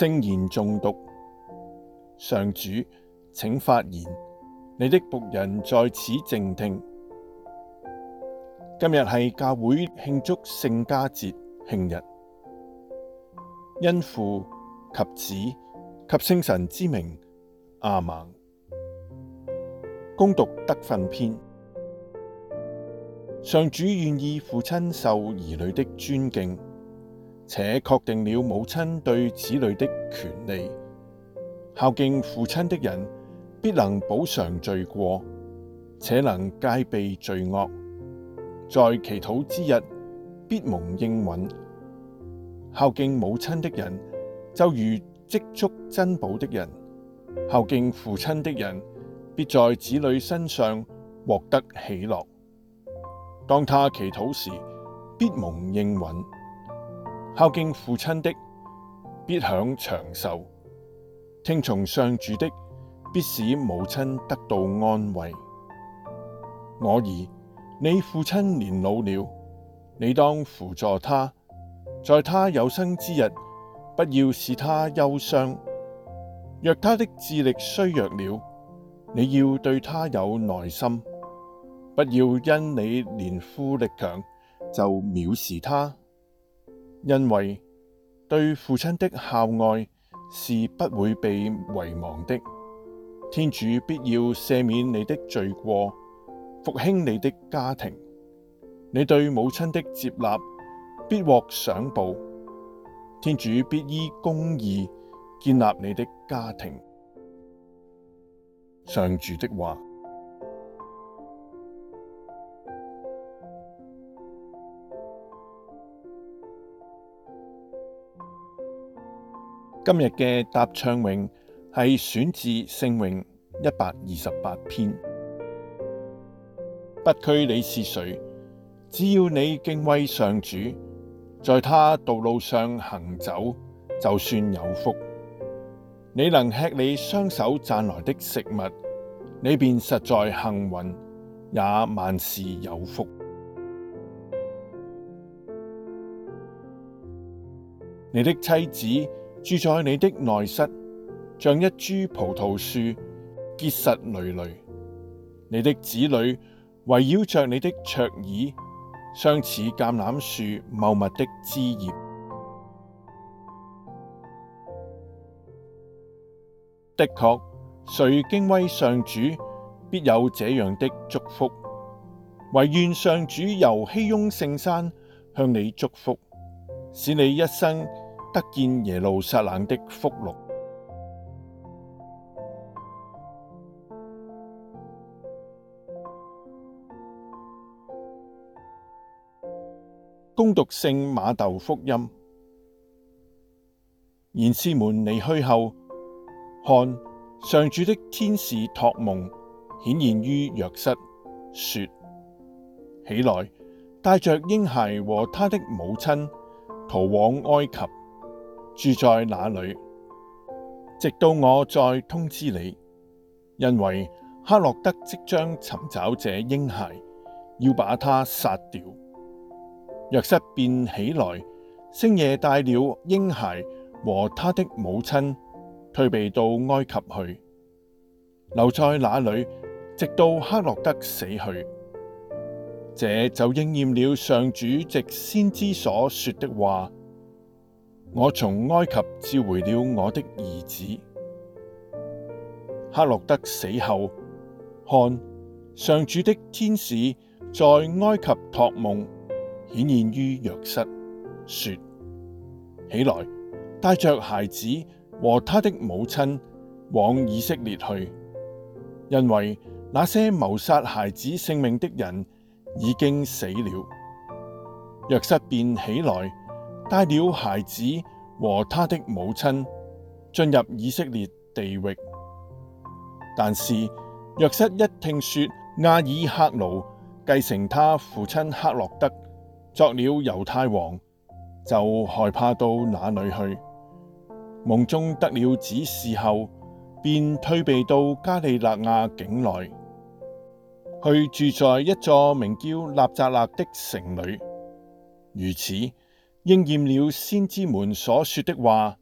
聖言誦讀，上主，請發言，你的僕人在此靜聽。今日係教會慶祝聖家節慶日，因父及子及聖神之名，阿們。恭讀德訓篇，上主願意父親受兒女的尊敬。且確定了母親對子女的權利，孝敬父親的人必能補贖罪過，且能戒避罪惡。在祈禱之日必蒙應允。孝敬母親的人就如積蓄珍寶的人。孝敬父親的人必在子女身上獲得喜樂。當他祈禱時必蒙應允。孝敬父親的，必享長壽；聽從相主的，必使母親得到安慰。我兒，你父親年老了，你當扶助他，在他有生之日，不要使他憂傷。若他的智力衰弱了，你要對他有耐心，不要因你年富力強就藐視他。因為對父親的孝愛是不會被遺忘的，天主必要赦免你的罪過，復興你的家庭。你對母親的接納必獲賞報，天主必依公義建立你的家庭。上主的話。今日嘅答唱詠係選自聖詠一百二十八篇，不拘你是誰，只要你敬畏上主，在他道路上行走，就算有福。你能吃你雙手賺來的食物，你便實在幸運，也萬事有福。你的妻子。住在你的內室，像一株葡萄樹，結實纍纍；你的子女圍繞着你的桌椅，相似橄欖樹茂密的枝葉。的確，誰敬畏上主，必有這樣的祝福。惟願上主由熙雍聖山向你祝福，使你一生。得見耶路撒冷的福祿。恭讀聖瑪竇福音。賢士們離去後，看，上主的天使託夢，顯現於若瑟，說：起來，帶着嬰孩和他的母親，逃往埃及。住在那裏，直到我再通知你，因為黑落德即將尋找這嬰孩，要把他殺掉。若瑟便起來，星夜帶了嬰孩和他的母親退避到埃及去，留在那裏，直到黑落德死去。這就應驗了上主藉先知所說的話。我從埃及召回了我的兒子。黑落德死後，看，上主的天使在埃及託夢，顯現於若瑟，說，起來，帶着孩子和他的母親往以色列去，因為那些謀殺孩子性命的人已經死了。若瑟便起來。帶了孩子和他的母親進入以色列地域，但是若瑟一聽說阿爾赫勞繼承他父親黑落德作了猶太王，就害怕到那裏去。夢中得了指示後，便退避到加里肋亞境內，去住在一座名叫納匝肋的城裏，如此。應驗了先知們所說的話，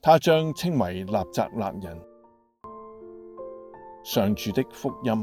他將稱為納匝肋人。上主的福音。